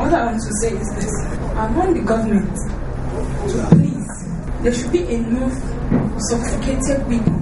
What I want to say is this I want the government to please, there should be enough sophisticated people.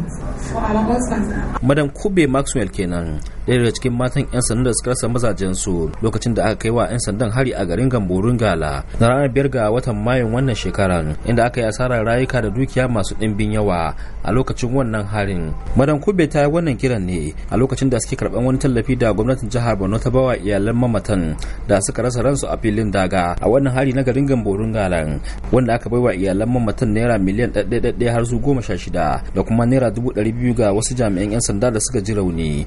madam kube maxwell kenan ɗaya daga cikin matan 'yan sanda da suka rasa su lokacin da aka kai wa 'yan sandan hari a garin gamborun gala na ranar biyar ga watan mayun wannan shekaran inda aka yi asarar rayuka da dukiya masu ɗimbin yawa a lokacin wannan harin madam kube ta yi wannan kiran ne a lokacin da suke karɓar wani tallafi da gwamnatin jihar borno ta bawa iyalan mamatan da suka rasa ransu a filin daga a wannan hari na garin gamborun gala wanda aka baiwa iyalan mamatan naira miliyan ɗaɗɗe har su goma sha shida da kuma naira dubu ɗari biyu ga wasu jami'an 'yan sanda da suka ji rauni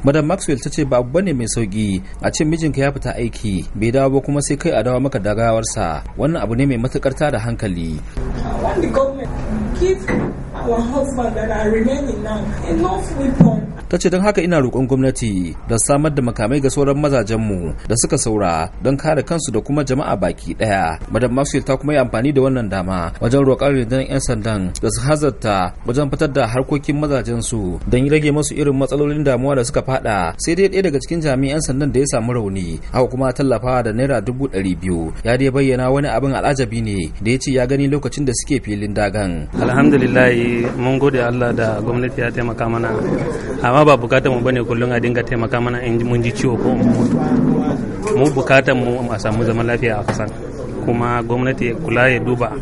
madam maxwell ta ce ba abu bane mai sauki a ce mijinka ya fita aiki bai dawo ba kuma sai kai a dawo maka dagawarsa wannan abu ne mai matukar da hankali our husband that are remaining now enough weapons ta ce don haka ina roƙon gwamnati da samar da makamai ga sauran mazajenmu da suka saura don kare kansu da kuma jama'a baki ɗaya madam maxwell ta kuma yi amfani da wannan dama wajen roƙar rundunar 'yan sandan da su hazarta wajen fitar da harkokin mazajensu don rage masu irin matsalolin damuwa da suka fada sai dai ɗaya daga cikin jami'an 'yan sandan da ya samu rauni haka kuma tallafawa da naira dubu ɗari biyu ya dai bayyana wani abin al'ajabi ne da ya ce ya gani lokacin da suke filin dagan alhamdulillah mun gode allah da gwamnati ya taimaka mana amma ba bukatar mu bane kullum a dinga taimaka mana in mun ji ciwo ko mun mutu mu bukatar mu a samu zaman lafiya a kasan kuma gwamnati kula ya duba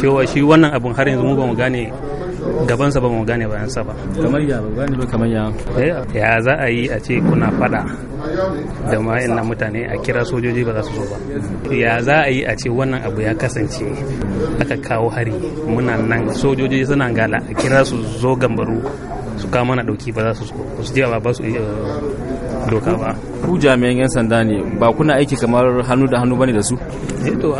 cewa shi wannan abun har yanzu mu ba mu gane sa ba mu gane sa ba kamar ya ba gane ba kamar ya eh, ya za a yi a ce kuna fada da ma'in mutane a kira sojoji ba za su zo ba ya za a yi a ce wannan abu ya kasance aka kawo hari muna nan sojoji suna gala a kira su zo gambaru su kama na dauki ba za su su je ba su doka ba ku jami'an yan sanda ne ba kuna aiki kamar hannu da hannu bane da su eh to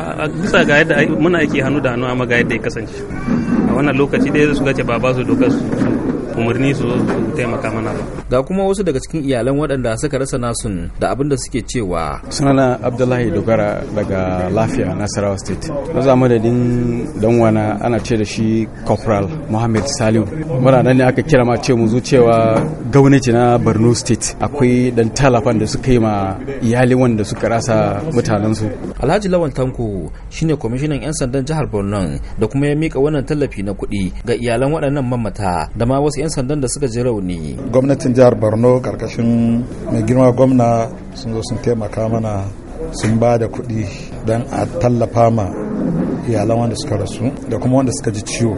bisa ga yadda muna aiki hannu da hannu amma ga yadda ya kasance a wannan lokaci da su gace ba ba su doka su umarni su taimaka mana ba ga kuma wasu daga cikin iyalan waɗanda suka rasa nasun da abin da suke cewa sunana abdullahi dogara daga lafiya nasarawa state na zama da din dan wana ana ce da shi corporal muhammad salim muna nan ne aka kira ma ce mu zu cewa gwamnati na borno state akwai dan talafan da suka yi ma iyali wanda suka rasa mutanensu alhaji lawan tanko shine kwamishinan yan sandan jihar borno da kuma ya mika wannan tallafi na kuɗi ga iyalan waɗannan mamata da ma wasu 'yan sandan da suka ji rauni gwamnatin jihar borno karkashin mai girma gwamna sun zo sun taimaka mana sun ba da kuɗi don a tallafa ma iyalan wanda suka rasu da kuma wanda suka ji ciwo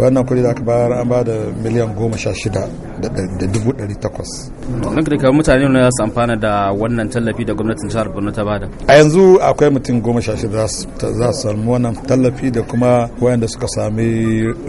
wannan kuɗi da aka bayar an ba da miliyan goma sha shida da dubu ɗari takwas don ka mutane ne za su amfana da wannan tallafi da gwamnatin jihar borno ta bada a yanzu akwai mutum goma sha shida za su samu wannan tallafi da kuma wayanda suka sami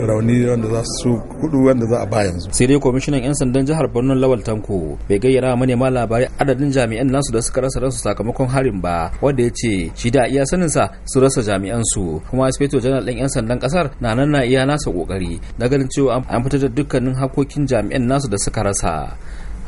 rauni wanda za su kudu wanda za a ba yanzu sai dai kwamishinan yan sandan jihar borno lawal tanko bai gayyana manema labarai adadin jami'an nasu da suka rasa ransu sakamakon harin ba wanda ya ce shi da iya saninsa su rasa jami'an su kuma aspeto general ɗin yan sandan kasar na nan na iya nasa kokari da ganin cewa an fitar da dukkanin hakokin jami'an nasu da suka rasa